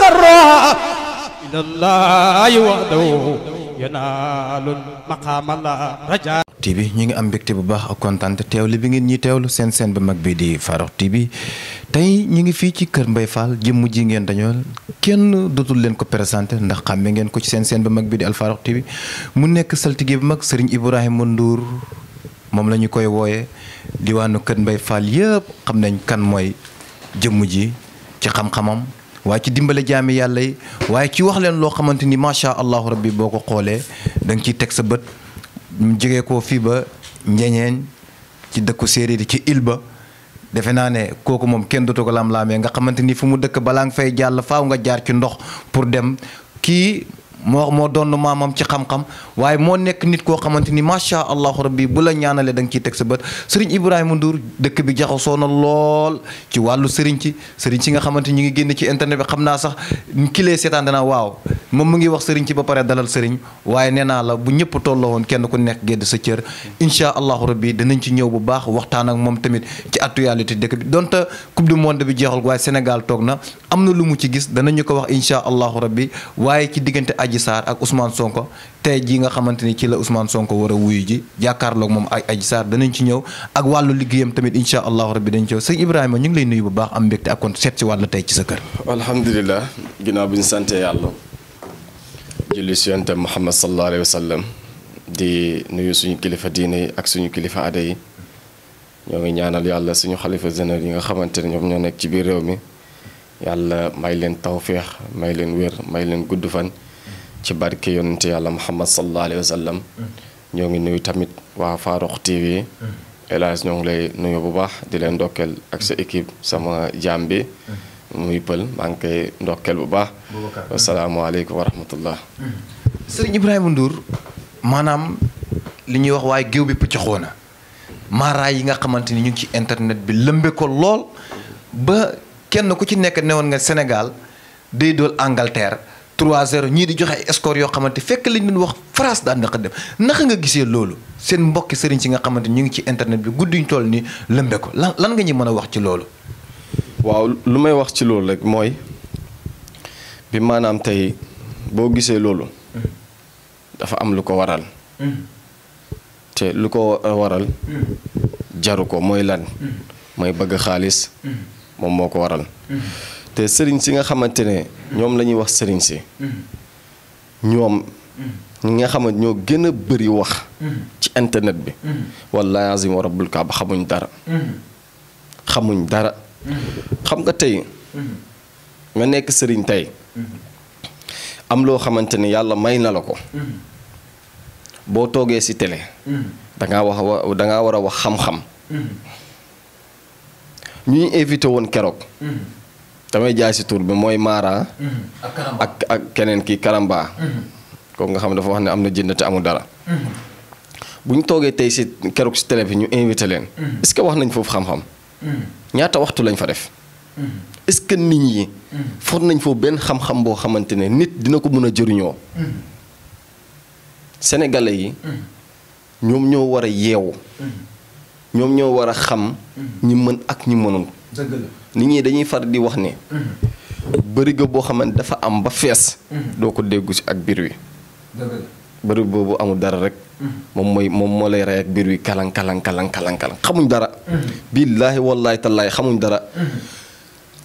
تقرع إلى الله وحده yanaalul raja TV ñu ngi am mbégte bu baax ak kontaan te teewlu bi ngeen ñi teewlu seen seen bu mag bi di Farokh TV tey ñu ngi fii ci kër Mbaye Fall jëmm ji ngeen dañoo kenn dootul leen ko présenté ndax xàmme ngeen ko ci seen seen bu mag bi di Al Farokh TV mu nekk saltige bu mag sëriñ Ibrahima Ndour moom la koy wooye diwaanu kër Mbaye Fall yëpp xam nañ kan mooy jëmm ji ci xam-xamam waaye ci dimbale jaami yàlla yi waaye ci waxleen loo xamante ni macha allahu rabbi boo ko xoolee da nga ciy teg sa bët mu jege ko fii ba njeñeen ci dëkku séeréer ci il defe naa ne kooku moom kenn dootu ko lam-laamee nga xamante ni fu mu dëkk balaa nga fay jàll faaw nga jaar ci ndox pour dem kii moo moo doon maamam ci xam-xam waaye moo nekk nit koo xamante ni macha allahu rabbi bu la ñaanalee da nga ciy teg sa bët sëriñ Ibrahima Ndour dëkk bi jaxasoo na lool ci wàllu sëriñ ci sëriñ si nga xamante ñu ngi génn ci internet bi xam naa sax ki lay seetaan waaw moom mu ngi wax sëriñ ci ba pare dalal sëriñ waaye neenaa la bu ñëpp tolloo woon kenn ku nekk gedd sa cër incha allahu rabbi danañ ci ñëw bu baax waxtaan ak moom tamit ci actualité dëkk bi donte coupe du monde bi jeexul waaye Sénégal toog na am na lu mu ci gis danañu ko wax incha allahu Adji Sarr ak Ousmane Sonko tey jii nga xamante ni ci la Ousmane Sonko war wuyu ji jàkkaarloog moom ak Adji Sarr danañ ci ñëw ak wàllu liggéeyam tamit incha allahu rabbi dañ ci ñëw sëñ ñu ngi lay nuyu bu baax am kon seet si wàll tey ci sa kër. alhamdulilah ginnaaw bi ñu sante yàlla. julli si yonte Muhammad sallallahu alayhi wa sallam di nuyu suñu kilifa diine yi ak suñu kilifa aada yi ñoo ngi ñaanal yàlla suñu xalifa général yi nga xamante ne ñoom ñoo nekk ci biir réew mi yàlla may leen tawféex may leen wér may leen gudd fan. ci barke yonente yàlla muhammad sallallahu alayhi wa sallam ñoo ngi nuyu tamit waa Farokh TV elage ñoo ngi lay nuyu bu baax di leen ndokkeel ak sa équipe sama jaam bi muy pël maa ngi koy ndokkeel bu baax wasalaamaaleykum wa rahmatullah sëriñ Ibrahima maanaam li ñuy wax waaye géew bi pëccëxoo na maaraay yi nga xamante ni ñu ngi ci internet bi lëmbe ko lool ba kenn ku ci nekk newoon nga Sénégal day dool Angleterre 3-0 ñii di joxe ay score yoo xamante fekk lañ doon wax France daan naka dem naka nga gisee loolu seen mbokki sëriñ si nga xamante ñu ngi ci internet bi guddi ñu toll nii lëmbe ko lan lan nga ñu mën a wax ci loolu. waaw lu may wax ci loolu rek mooy bi maanaam tey boo gisee loolu. dafa am lu ko waral. te lu ko euh, waral. jaru ko mooy lan. Mm-hmm. mooy bëgg xaalis. Mm-hmm. moom moo ko waral. Mm-hmm. te sëriñ si nga xamante ne ñoom la ñuy wax sëriñ si ñoom ñi nga xamante ñoo gën a bëri wax ci internet bi wallaahi azim rabbul kaaba xamuñ dara xamuñ dara xam nga tey nga nekk sëriñ tey am loo xamante ne yàlla may na la ko boo toogee ci télé dangaa wax wa dangaa war a wax xam-xam ñuy invité woon keroog damay jaay si tur bi mooy Mara. Mm-hmm. ak keneen kii Karamba. Mm-hmm. kooku nga xam ne dafa wax ne am na jënd te amul dara. Mm-hmm. bu ñu toogee tey si keroog si télé bi ñu invité leen. est que wax nañ foofu xam-xam. ñaata waxtu lañ fa def. est que nit yi for nañ foofu benn xam-xam boo xamante ne nit dina ko mën a jëriñoo. Sénégalais yi. ñoom ñoo war a yeewu. ñoom ñoo war a xam. ñi mën ak ñi mënul. dëgg nit ñi dañuy far di wax ne. Mm-hmm. bërigo boo xamante dafa am ba fees. Mm-hmm. doo ko déggu si ak biir wi. dëgg bëri boobu amul dara rek. Mm-hmm. moom mooy moom moo lay rey ak biir wi kalang kalang kalang kalang kalang xamuñ dara. billaahi wallaahi tallaahi xamuñ dara.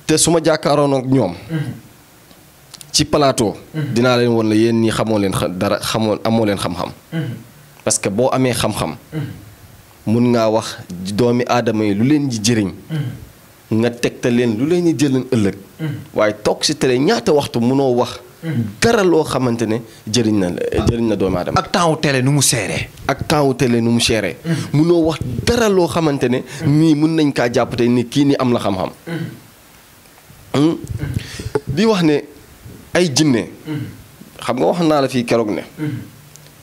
te su ma jàkkaaroon ak ñoom. ci plateau. dinaa leen woon la yéen ñii xamoo leen dara xamoo amoo leen xam-xam. parce que boo amee xam-xam. mun ngaa wax doomi aadama yi lu leen ji jëriñ. nga tegtal leen lu leen di jëriñ ëllëg. Mm. waaye toog si télé ñaata waxtu munoo wax. Mm. dara loo xamante ne jëriñ na jëriñ na doomu ak temps wu nu mu seeree. ak temps wu télé nu mu seeree. Mm. munoo wax dara loo xamante ne. nii mun nañ kaa jàppate te kii nii am la xam-xam. Hmm? di wax ne ay jinne xam nga wax naa la fii keroog ne.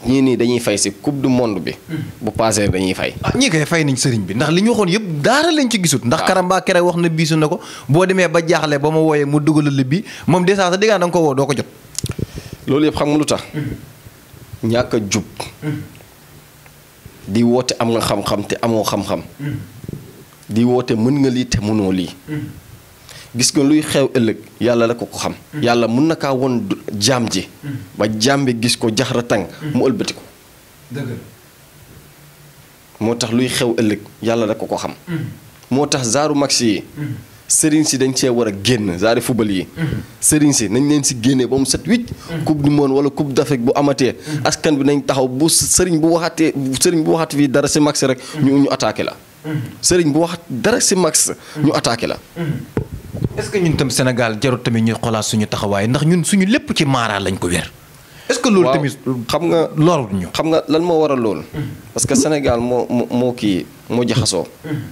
ñii nii dañuy fay si coupe du monde bi. Hmm. bu passé dañuy fay. ah ñii koy fay nañ sëriñ bi ndax li ñu waxoon yëpp daara lañ ci gisut. ndax ah. Karamba keroog wax na biisu na ko boo demee ba jaaxle ba ma wooyee mu dugalal li bi moom des sa dégg da nga ko woo doo ko jot. loolu yëpp xam nga lu tax. Hmm. jub. Hmm. di woote am nga xam-xam te amoo xam-xam. di woote mën nga lii te mënoo lii. gis nga luy xew ëllëg yàlla la ko ko xam mm-hmm. yàlla mun na kaa won jaam ji mm-hmm. ba jaam bi gis ko jaxra tàng mu mm-hmm. ëlbati ko moo tax luy xew ëllëg yàlla la ko ko xam moo tax zaaru max yi sëriñ si dañ cee war a génn zaari fubal yi sëriñ si nañ leen si génnee ba mu set wicc coupe du monde wala coupe d'Afrique bu amatee askan bi nañ taxaw bu sëriñ bu waxatee sëriñ bu waxat fii dara si max rek ñu ñu la sëriñ bu wax dara si max ñu attaqué la est-ce que ñun tam Sénégal jarut tamit ñu xoolaat suñu taxawaay ndax ñun suñu lépp ci maara lañ ko wér. est-ce que xam nga loolu ñu. xam nga lan moo a loolu. Hmm. parce que Sénégal moo moo kii moo jaxasoo. Hmm.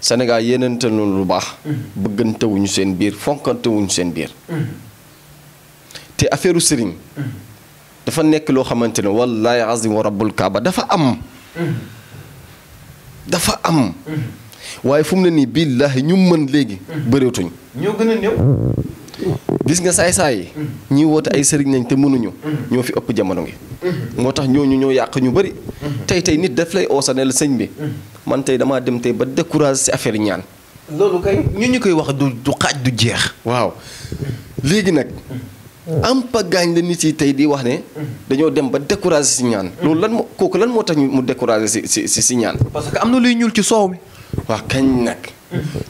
Sénégal yéenante lu baax. Hmm. bëggantewuñu seen biir fonkantewuñu seen biir. te affaire sëriñ. dafa nekk loo xamante ne wallaahi azim wa rabbul kaaba dafa am. dafa am. waaye fu ne nii billaahi ñu mën léegi bëreetuñ ñoo gën gis nga saay-saay yi mm-hmm. ñi woote ay sëriñ nañ te mënuñu mm-hmm. ñoo fi ëpp jamono ngi mm-hmm. moo tax ñooñu ñoo yàq ñu bëri tey tey nit daf lay oosaneel sëñ bi man tey damaa dem tey ba décourage ci ñaan loolu ñu ñu koy wax du du xaaj du jeex waaw léegi nag am pagaañ la nit yi tey di wax ne dañoo dem ba découragé si ñaan loolu lan moo kooku lan moo tax mu découragé si si si ñaan parce que am na luy ñuul ci soow mi waa kañ nag.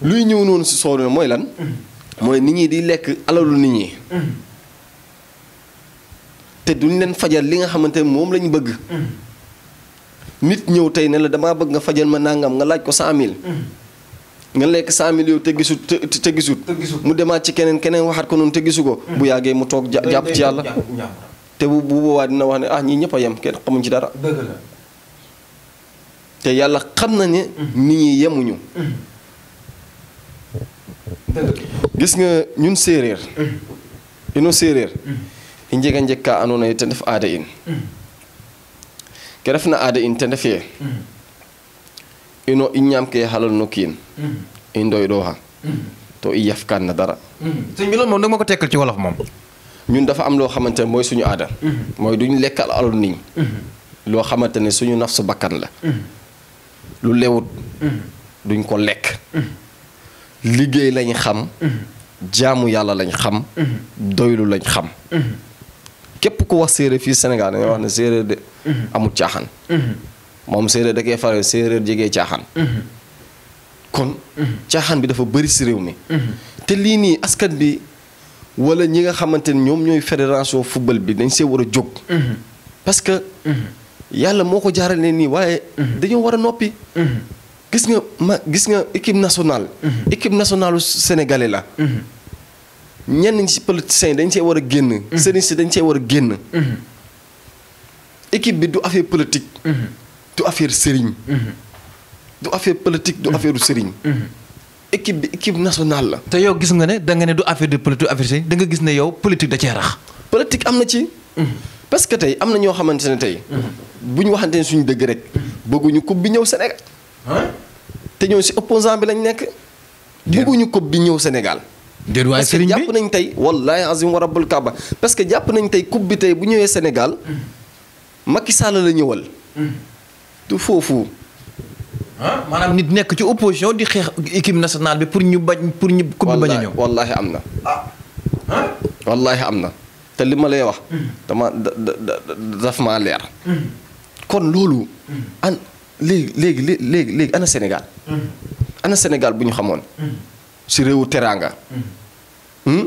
luy ñëw noonu si soow mooy lan. mooy nit ñi di lekk alalu nit ñi. te duñ leen fajal li nga xamante ne moom lañ bëgg. nit ñëw tey ne la damaa bëgg nga fajal ma nangam nga laaj ko cent mille. nga lekk cent mille yow te gisut te gisut. mu demaat ci keneen keneen waxaat ko noonu te gisu ko. Mm. bu yàggee mu toog jàpp ci yàlla. te bu bu boobaa dina wax ne ah ñii ñëpp a yem kenn xamuñ ci dara. dëgg te yàlla xam na ni nit ñi yemuñu gis nga ñun séeréer ino séeréer i njega njeg ka andoona yee ten ref aada in ke refna aada in ten ref ino i ñaam ke xalal no kiin i ndoyɗooxa to i yafkaan na dara sëñ bi moom da ko tekkal ci wolof moom ñun dafa am loo xamante ne mooy suñu aada mooy duñu lekkal alal niñ uhuh. loo xamante ne suñu naf su bakkan la uhuh. lu lewut mm-hmm. duñ ko lekk mm-hmm. liggéey lañ xam mm-hmm. jaamu yàlla lañ xam doylu lañ xam képp ko wax séeréer fii Sénégal dañuy wax ne séeréer de amul caaxaan moom séeréer da koy séeréer jege caaxaan kon caaxaan bi dafa bari si réew mi te lii nii askan bi walla ñi nga xamante ni ñoom ñooy fédération football bi dañ see war a jóg parce yàlla moo ko jaarale nii waaye. Mhm. dañoo war a noppi. Mhm. gis nga ma gis nga équipe nationale. Mhm. équipe nationalu sénégalais la. ñenn ñi ci politiciens yi dañ see war a génn. sëriñ si dañ see war a génn. équipe bi du affaire politique. du affaire sëriñ. du affaire politique du affaire sëriñ. bi équipe nationale la. te yow gis nga ne da nga ne du affaire de politique affaire sëriñ da nga gis ne yow politique da cee rax. politique am na ci. parce que tey am na ñoo xamante ne tey. bu ñu waxante suñu dëgg rek bëgguñu coupe bi ñëw Sénégal. te ñëw si opposant bi lañ nekk. bëgguñu coupe bi ñëw senegal déet waay sëriñ parce que jàpp nañ tey wallaahi azim wa rabbul kaaba parce que jàpp nañ tey coupe bi tey bu ñëwee Sénégal. Macky Sall la ñëwal. du foofu. maanaam nit nekk ci opposition di xeex équipe nationale bi pour ñu bañ pour ñu. coupe bi bañ am na. Ah. wallaahi am na te li ma lay wax. Hmm. dama da da daf maa leer. Hmm. kon loolu. an léegi léegi léegi léegi ana Sénégal. ana Sénégal bu ñu xamoon. si réewu teraanga. Hmm?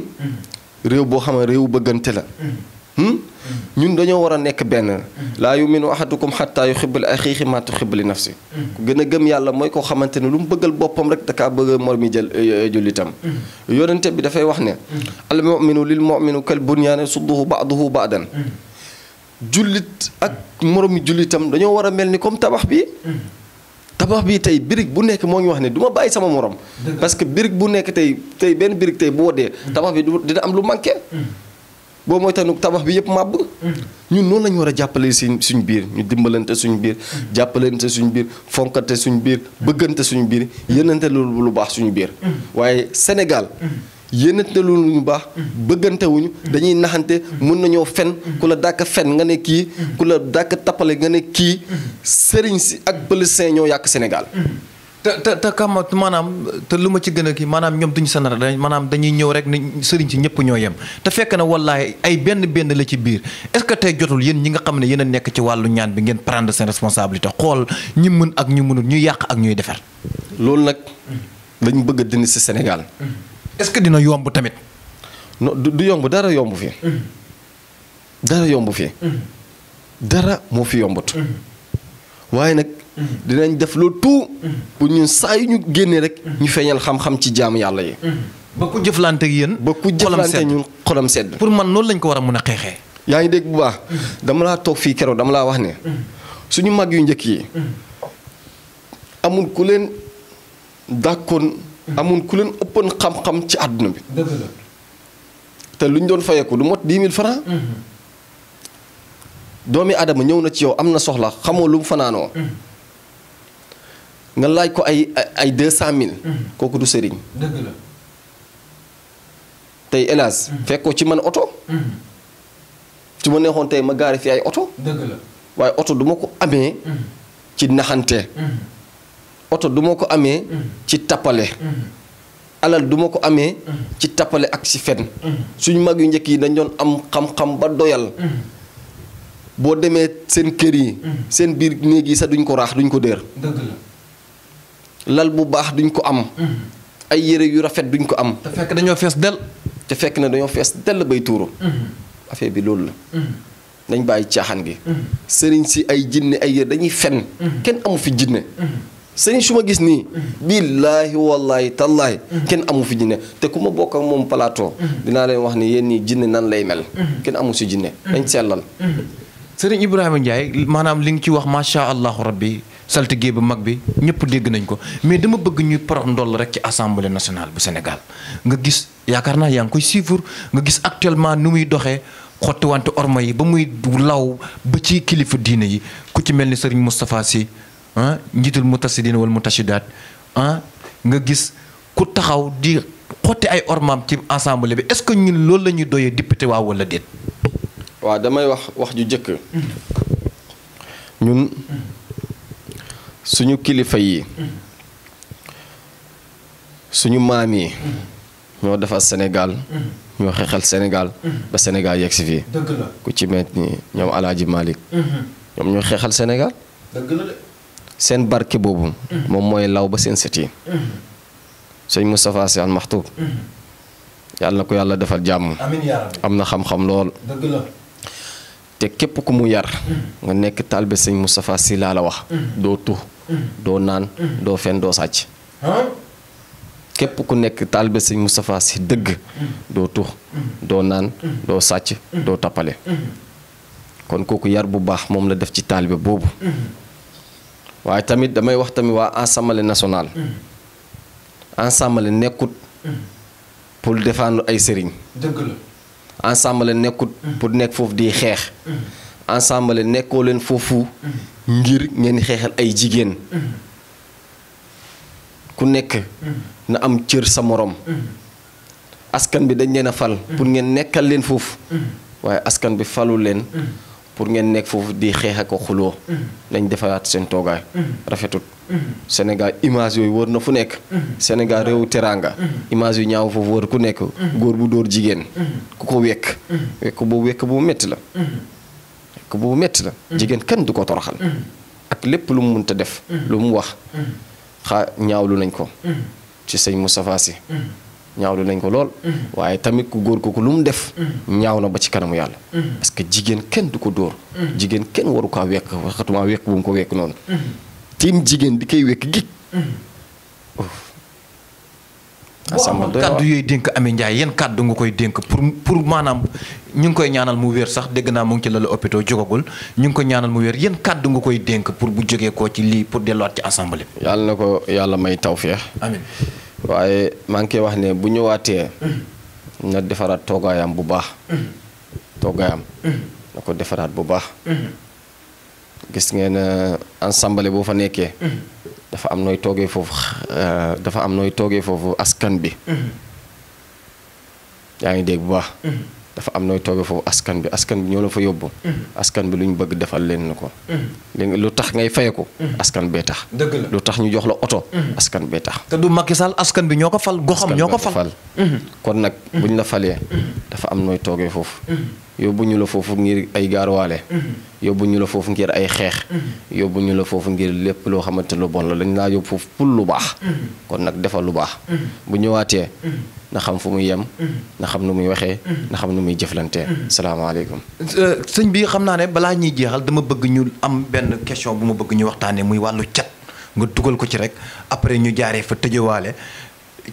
réew boo xam ne réew bëggante la. Hmm? ñun dañoo war a nekk benn laa yuminu ahadukum xatta yuhibbu li axiihi maa tuhibbu li nafsi ku gën a gëm yàlla mooy koo xamante ne lu mu bëggal boppam rek dakaa bëgg mor mi jël eh, eh, jullitam yonente bi dafay wax ne hmm. al muminu lil muminu kal bunyaani sudduhu baaduhu baadan jullit ak moroomi jullitam dañoo war a mel ni comme tabax bi tabax bi tey birig bu nekk moo ngi wax ne du ma bàyyi sama morom parce que birig bu nekk tey tey benn birig tey bu woddee mm. tabax bi dina am lu manqué mm. boo moytanu tabax bi yëpp màbb mm. ñun noonu la war a jàppale si suñ biir ñu dimbalante suñu biir jàppalante suñu biir fonkante suñu biir bëggante suñu biir yénante lu lu baax suñu biir waaye Sénégal yéenante lu ñu baax bëggante dañuy naxante mun nañoo fen ku la dàkk fen nga ne kii ku la dàkk tappale nga ne kii sëriñ si ak politicien ñoo yàq Sénégal te te te kam maanaam te lu ma ci gën a kii maanaam ñoom duñu sanara maanaam dañuy ñëw rek ni sëriñ si ñëpp ñoo yem te fekk na wallaahi ay benn benn la ci biir est-ce que tey jotul yéen ñi nga xam ne yéen nekk ci wàllu ñaan bi ngeen prendre seen responsabilité xool ñi mën ak ñu mënul ñu yàq ak ñuy defar. loolu nag lañ bëgg a dindi si Sénégal. est-ce que dina yomb tamit. du yomb dara yomb fi. dara yomb fi. dara moo fi yombut. waaye nag. dinañ def loolu tout. pour ñun saa yu ñu génnee rek. ñu feeñal xam-xam ci jaamu yàlla yi. ba ku jëflante ak yéen. ba ku jëflante ñun xolam sedd. pour man loolu lañ ko war a mën a xeexee. yaa ngi dégg bu baax. dama laa toog fii keroog dama laa wax ne. suñu mag yu njëkk yi. amul ku leen dàkkoon. amul ku leen ëppoon xam-xam ci àdduna bi. te lu ñu doon fayeeku lu ma dix mille francs mm-hmm. doomi Adama ñëw na ci yow am na soxla xamoo lu mu fanaanoo mm-hmm. nga laaj ko ay ay deux cent mille. Mm-hmm. kooku du sëriñ. tey hélas. fekkoo ci man oto. su ma neexoon tey ma gaari fi ay oto. dëgg la waaye oto du ko amee. ci naxante. oto du ma ko amee ci tappale alal du ko amee ci tappale ak si fen suñu mag yu njëkk yi dañ doon am xam-xam ba doyal boo demee seen kër yi seen biir néeg yi sax duñ ko raax duñ ko dër lal bu baax duñ ko am ay yére yu rafet duñ ko am te fekk dañoo fees del te fekk na dañoo fees dell bay tuuru affaire bi loolu la dañ bàyyi caaxaan gi mm-hmm. sëriñ si ay jinne ay yére dañuy fen mm-hmm. kenn amu fi jinne mm-hmm. sëriñ su ma gis nii billaahi wallaahi tallaahi kenn amu fi jinne te ku ma bokk ak moom palaato dinaa leen wax ne yéen ñi jinne nan lay mel kenn amu si jinne dañ sellal sëriñ Ibrahima Ndiaye maanaam li nga ci wax macha allahu rabbi saltige bu mag bi ñëpp dégg nañ ko mais dama bëgg ñuy porox ndoll rek ci assemblée nationale bu Sénégal nga gis yaakaar naa yaa ngi koy suivre nga gis actuellement nu muy doxee xottiwante orma yi ba muy law ba ci kilifa diine yi ku ci mel ni sëriñ Moustapha ah njiitul mutasidin wala mutasidaat ah nga gis ku taxaw di xotti ay ormaam ci ensemble bi est-ce que ñun loolu la ñuy doyee député waaw wala déet. waaw damay wax wax ju jëkk ñun suñu kilifa yi suñu maam yi ñoo defar Sénégal ñoo xeexal Sénégal ba Sénégal yegg fii. ku ci met ni ñoom Alaaji Malick ñoom ñoo xeexal Sénégal. seen barke boobu moom mooy law ba seen sët yi sëñ Moustapha Sy Al Maxtuub yàlla ko yàlla defal jàmm am na xam-xam lool te képp ku mu yar nga nekk taalibe sëñ Moustapha si laa la wax doo tux doo naan doo fen doo sàcc képp ku nekk taalibe sëñ Moustapha si dëgg doo tux doo naan doo sàcc doo tappale kon kooku yar bu baax moom la def ci taalibe boobu waaye tamit damay wax tamit waa assemblée nationale. assemblée nekkut. pour défendre ay sëriñ. dëgg la. nekkut. pour nekk foofu di xeex. assemblée nekkoo leen foofu. ngir ngeen xeexal ay jigéen. ku nekk. na am cër sa morom. askan bi dañ leen a fal. pour ngeen nekkal leen foofu. waaye askan bi falu leen. pour ngeen nekk foofu di xeex ak xuloo mm-hmm. nañ defaraat seen toogaay mm-hmm. rafetut mm-hmm. Sénégal image yooyu wër na fu nekk Sénégal réewu teraanga image yu ñaaw foofu wër ku nekk góor bu dóor jigéen ku ko wekk wekk boobu wekk bu metti la wekk boobu metti la jigéen kan du ko toroxal ak lépp lu mu mënta def lu mu wax xaa ñaawlu nañ ko ci sëñ Moustapha ñaawlu nañ ko lool. Mm-hmm. waaye tamit ku góor kooku lu mu def. Mm-hmm. ñaaw na ba ci kanamu yàlla. Mm-hmm. parce que jigéen kenn du ko dóor. jigéen kenn waru kaa wekk waxatuma wekk bu mu ko wekk noonu. tiim jigéen di koy wekk gig. asamba doy kàddu yooyu dénk Amy Ndiaye yan kàddu nga koy dénk pour pour maanaam ñu ngi koy ñaanal mu wér sax dégg naa mu ci lalu hôpital jógagul ñu ngi ko mu wér yan kàddu nga koy dénk pour bu jógee koo ci lii pour delluwaat ci assemblée. yàlla na ko yàlla may taw feex waaye maa ngi koy wax ne bu ñëwaatee na defaraat toogaayam bu baax toogaayam na ko defaraat bu baax gis ngeen euh, ensemble boo fa nekkee dafa am nooy toogee foofu euh, dafa am nooy toogee foofu askan bi mm-hmm. yaa ngi dégg bu baax mm-hmm. dafa am nooy toogee foofu askan bi askan bi ñoo la fa yóbbu. Mm-hmm. askan bi lu ñu bëgg defal leen na ko. Mm-hmm. lu tax ngay fayeku mm-hmm. askan bee tax. dëgg la lu tax ñu jox la oto. askan bee tax. te du Macky Sall askan bi ñoo ko fal goxam ñoo ko fal. kon nag buñ la falee. dafa am nooy toogee foofu. yóbbu ñu la foofu ngir ay gaaruwaale mm-hmm. yóbbu ñu la foofu ngir ay xeex mm-hmm. yóbbu ñu la foofu ngir lépp loo xamante lu bon la dañ laa yóbbu foofu pour lu baax mm-hmm. kon nag defal lu baax bu ñëwaatee na xam fu mu yem na xam nu muy waxee na xam nu muy jëflantee salaamaaleykum euh, sëñ bi xam naa ne balaa ñuy jeexal dama bëgg ñu am benn question bu ma bëgg ñu waxtaanee muy wàllu cat nga dugal ko ci rek après ñu jaaree fa tëjewaale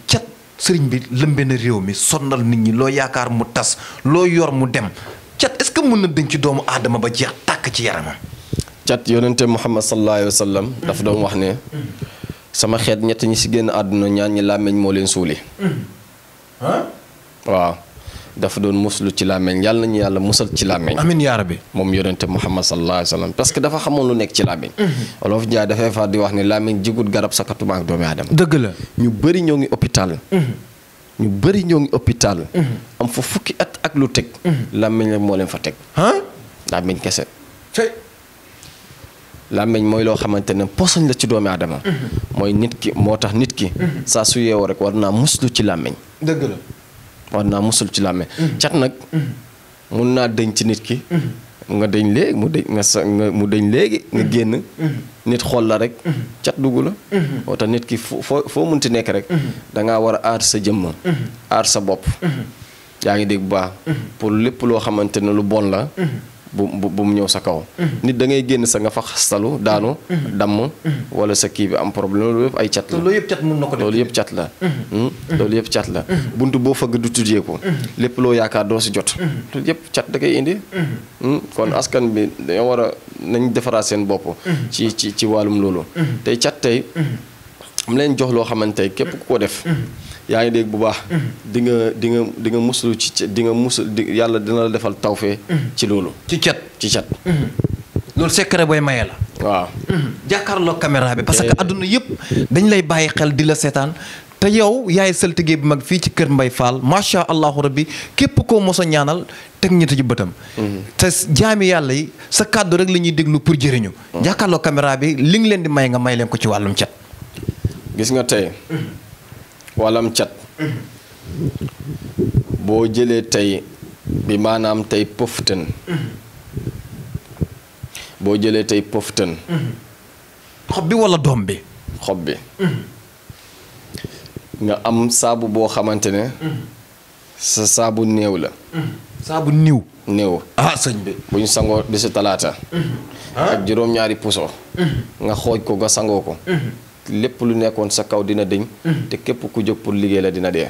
cat sëriñ bi lëmbe na réew mi sonnal nit ñi loo yaakaar mu tas loo yor mu dem cat est ce que mën na adam doomu tak ba jeex tak ci yaram cat yonente Muhammad sallallahu alaihi wasallam sallam dafa doon wax ne sama xet ñet ñi ci genn aduna ñaan ñi làmmeñ mo leen hmm wa dafa doon muslu ci làmmeñ yalla ñu yalla musal ci làmmeñ amin ya rabbi Mom yonente Muhammad sallallahu alaihi wasallam sallam parce que dafa xamoon lu nekk ci làmmeñ olof Njaay dafa fa di wax ne làmmeñ jigut garab sakatu ak doomi adama deug la ñu bari ñoo hôpital mhm. ñu bëri ñoo ngi hôpital. Mm-hmm. am fa fukki at ak lu teg. Mm-hmm. làmmiñ la moo leen fa teg. làmmiñ kese. làmmiñ mooy loo xamante ne posoñ la ci doomi aadama. Mm-hmm. mooy nit ki moo tax nit ki. saa su yeewoo rek war naa muslu ci làmmiñ. dëgg la. war naa musul ci làmmiñ. cat nag. mun naa dëñ ci nit ki. nga dëñ léegi mu dëñ nga sa mu dëñ léegi nga génn. nit xool la rek cat dugg la moo tax nit ki foo foo munti nekk rek da ngaa war a aar sa jëmm aar sa bopp mm-hmm. yaa ngi dégg bu baax mm-hmm. pour lépp loo xamante ne lu bon la mm-hmm. bu bu mu ñëw sa kaw. Mhm. nit da ngay génn sa nga fa xastalu daanu. Mhm. Mhm. damm wala sa kii bi am problème loolu yëpp ay cat la. loolu yëpp cat mën na ko def loolu yëpp cat la. Hmm? loolu yëpp cat la. bunt boo fëgg du tuddee lépp loo yaakaar doo si jot. loolu yëpp cat da koy indi. Hmm? kon askan bi dañoo war a nañ defaraat seen bopp. ci ci ci wàllum loolu. tey cat tey. am leen jox loo xamante képp ku ko def. yaa ngi dégg bu baax. Mm-hmm. di nga di nga di nga muslu ci di nga muslu yàlla dina la defal tawfee. Mm-hmm. ci loolu. ci cat ci cat. Mm-hmm. loolu secret booy maye la. waaw. jàkkaarloo caméra bi parce que eh. àdduna yëpp dañ lay bàyyi xel di la seetaan. te yow yaay saltige bi mag fii ci kër Mbay Fall macha allahu rabbi képp koo mos a ñaanal teg ñi bëtam. te jaami yàlla yi sa kàddu rek la ñuy déglu pour jëriñu. Mm. jàkkaarloo caméra bi li nga leen di may nga may leen ko ci wàllum cat. nga walam cat boo jëlee tey bi maanaam tey pëftën boo jëlee tey pëftën xob bi wala doom bi xob bi nga am saabu boo xamante ne sa saabu néew la saabu niw néew ah sëñ bi bu talaata ah. ak juróom-ñaari puso nga xooj ko nga sangoo ko lépp lu nekkoon sa kaw dina dëñ mm-hmm. te képp ku jóg pour dina dee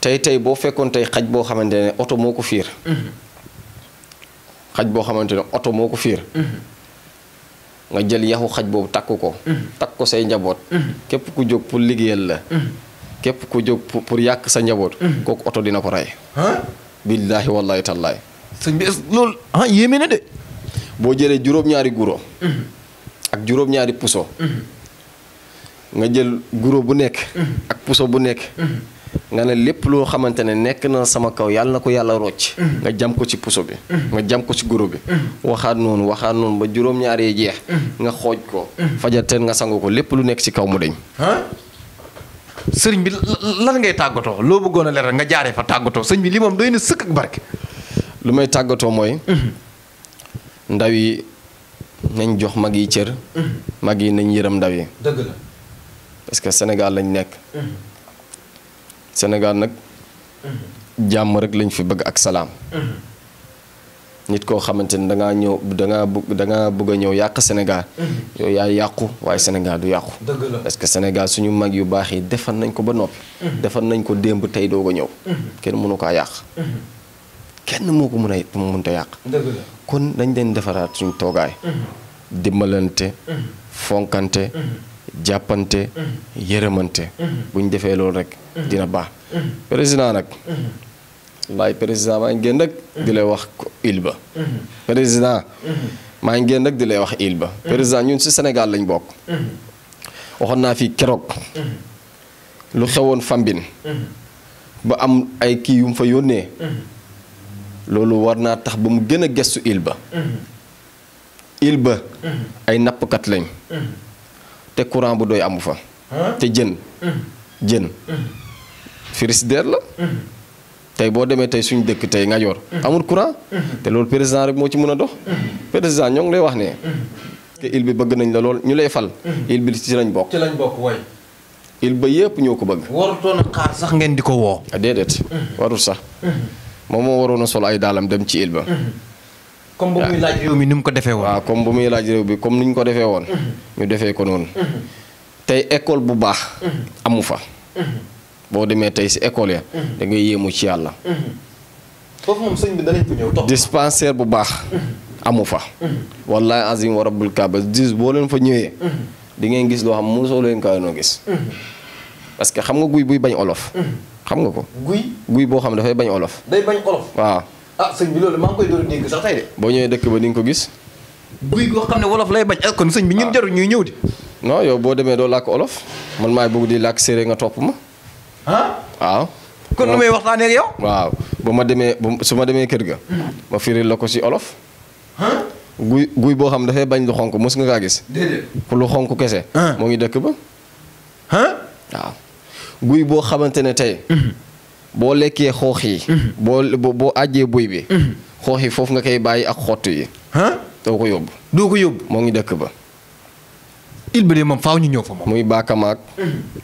tey tey boo fekkoon tey xaj boo xamante ne oto moo ko fiir mm-hmm. xaj boo xamante ne oto moo ko fiir mm-hmm. nga jël yaxu xaj boobu takk ko say njaboot ku jóg pour liggéeyal la képp ku jóg pour yàq sa njaboot kooku oto dina ko rey billaahi wallaahi tallaahi sëñ bi ah, yéeme na de boo jëlee juróom-ñaari guro ak juróom-ñaari puso. nga jël guro bu nekk. ak puso bu nekk. nga ne lépp loo xamante ne nekk na sama kaw yàlla ko yàlla rocc. nga jam ko ci puso bi. nga jam ko ci guro bi. waxaat noonu waxaat noonu ba juróom-ñaar yee jeex. nga xooj ko. fajateen nga sangu ko lépp lu nekk ci kaw mu deñ sëriñ bi lan ngay tàggatoo loo bëggoon a leeral nga jaaree fa tàggatoo sëñ bi li moom doy na sëkk ak barke. lu may tàggatoo mooy. Uhm. nañ jox mag yi cër. mag yi nañ yërëm ndaw yi. dëgg la parce que Sénégal lañ nekk. senegal nag. jàmm rek lañ fi bëgg ak salaam. nit koo xamante ni dangaa ñëw danga bëgg dangaa bëgg a ñëw yàq senegal yow yaa yàqu waaye senegal du yàqu. dëgg la parce que Sénégal suñu mag yu baax yi defal nañ ko ba noppi. defal nañ ko démb tey doog a ñëw. kenn mënu kaa yàq. kenn moo ko mën a mënta yàq. kon dañ leen defaraat suñu toogaay. Mm-hmm. dimbalante. Mm-hmm. fonkante. Mm-hmm. jàppante. yërëmante. bu ñu defee loolu rek. dina baax. président nag. wallaay président maa ngi génn rek di lay wax il ba. président. maa ngi génn rek di ñun si Sénégal lañ bokk. waxoon naa fi keroog. lu xewoon Fambine. ba am ay kii yu fa yónnee. loolu war naa tax ba mu gën a gëstu île ba île mm-hmm. ba mm-hmm. ay nappkat lañ mm-hmm. te courant bu doy amu fa te jën jën frigidaire la tey boo demee tey suñu dëkk tey nga yor amul courant te loolu président rek moo ci mën a dox président ñoo ngi lay wax ne que île bi bëgg nañ la lool ñu lay fal il bi ci lañ bokk ci ba yëpp ñoo ko bëgg warutoon a xaar sax ngeen di ko woo déedéet warul sax moom moo waroon a sol ay daalam dem ci île ba. comme bu muy ah. laaj réew mi ni mu ko defee woon. waaw comme bu muy laaj réew bi comme ni ñu ko defee woon. ñu defee ko noonu. tey école bu baax. amu fa. boo demee tey si école ya. da ngay yéemu ci yàlla. bu baax. amu fa. wallahi azim wa rabbul kaaba boo leen fa ñëwee. di ngeen gis loo xam mosoo leen kaay noo gis. parce que xam nga guy buy bañ olof. xam nga ko. guy guy boo xam ne dafay bañ olof. day bañ waaw ah, boo ñëwee dëkk ba ni nga ko gis. guy goo xam ne wolof lay bañ. Eh, kon sëñ bi ñu ah. jarul ñuy ñëw di. non yow boo demee doo làkk olof man maay bëgg di làkk séeréer nga topp ma. ah waaw. kon nu may waxtaanee ak yow. waaw ba ma demee ba su ma demee kër ga. ma firi la ko si olof. guy guy boo xam dafay bañ lu xonk mos nga kaa gis. déedéet pour lu xonk kese. Ah. moo ngi dëkk ba. waaw. guy boo xamante ne tey. Mhm. boo lekkee xoox yi. Mhm. boo boo àjjee buy bi. Mhm. xoox yi foofu nga koy bàyyi ak xott yi. doo ko yóbbu. doo ko yóbbu moo ngi dëkk ba. il ba de moom faaw ñu ñëw fa moom. muy baakamaak.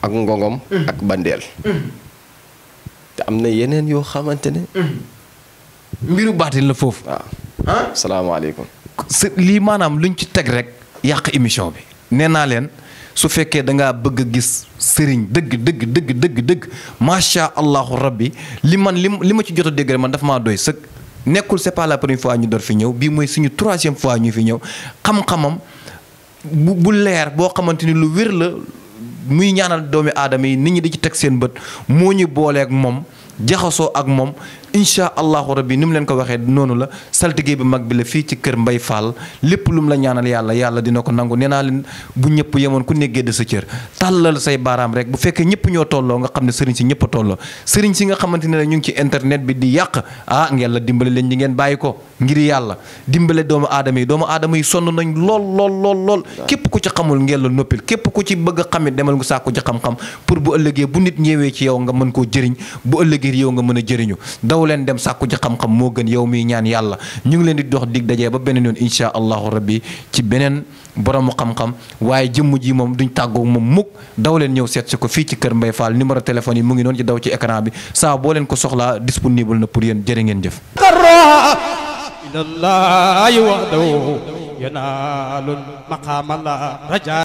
ak ngongom. ak bandeel. te am na yeneen yoo xamante ne. mbiru baatin la foofu. waaw ah lii maanaam luñ ci teg rek yàq émission bi nee naa leen. su fekkee dangaa bëgg a gis sëriñ dëgg dëgg dëgg dëgg dëgg macha allahu rabbi li man li li ma ci jot a dégg man dafa ma doy sëg nekkul c'est pas la fois ñu door fi ñëw bii mooy suñu troisième fois ñu fi ñëw xam-xamam bu bu leer boo xamante ni lu wér la muy ñaanal doomi aadama yi nit ñi di ci teg seen bët moo ñu booleek moom jaxasoo ak moom incha allahu rabbi ni mu leen ko waxee noonu la saltige bi mag bi la fii ci kër Mbay Fall lépp lu mu la ñaanal yàlla yàlla dina ko nangu nee naa leen bu ñëpp yemoon ku ne gédd sa cër tàllal say baaraam rek bu fekkee ñëpp ñoo tolloo nga xam ne sëriñ si ñëpp a tolloo sëriñ si nga xamante ne ñu ngi ci internet bi di yàq ah ngeen la dimbale leen ñi ngeen bàyyi ko ngir yàlla dimbale doomu aadama yi doomu aadama yi sonn nañ lool lool lool lool képp ku ci xamul ngeen la noppil képp ku ci bëgg a xamit demal nga sàkku ci xam-xam pour bu ëllëgee bu nit ñëwee ci yow nga mën koo jëriñ bu ëllëgee yow nga mën a jëriñu daw leen dem sàkku ji xam-xam moo gën yow miy ñaan yàlla ñu ngi leen di dox dig dajee ba beneen yoon insha allahu rabbi ci beneen boroomu xam-xam waaye jëmm ji moom duñ tàggoo moom mukk daw leen ñëw seet si ko fii ci Kër Mbaye Fall numéro téléphone yi mu ngi noonu ci daw ci écran bi saa boo leen ko soxlaa disponible na pour yéen jërë ngeen jëf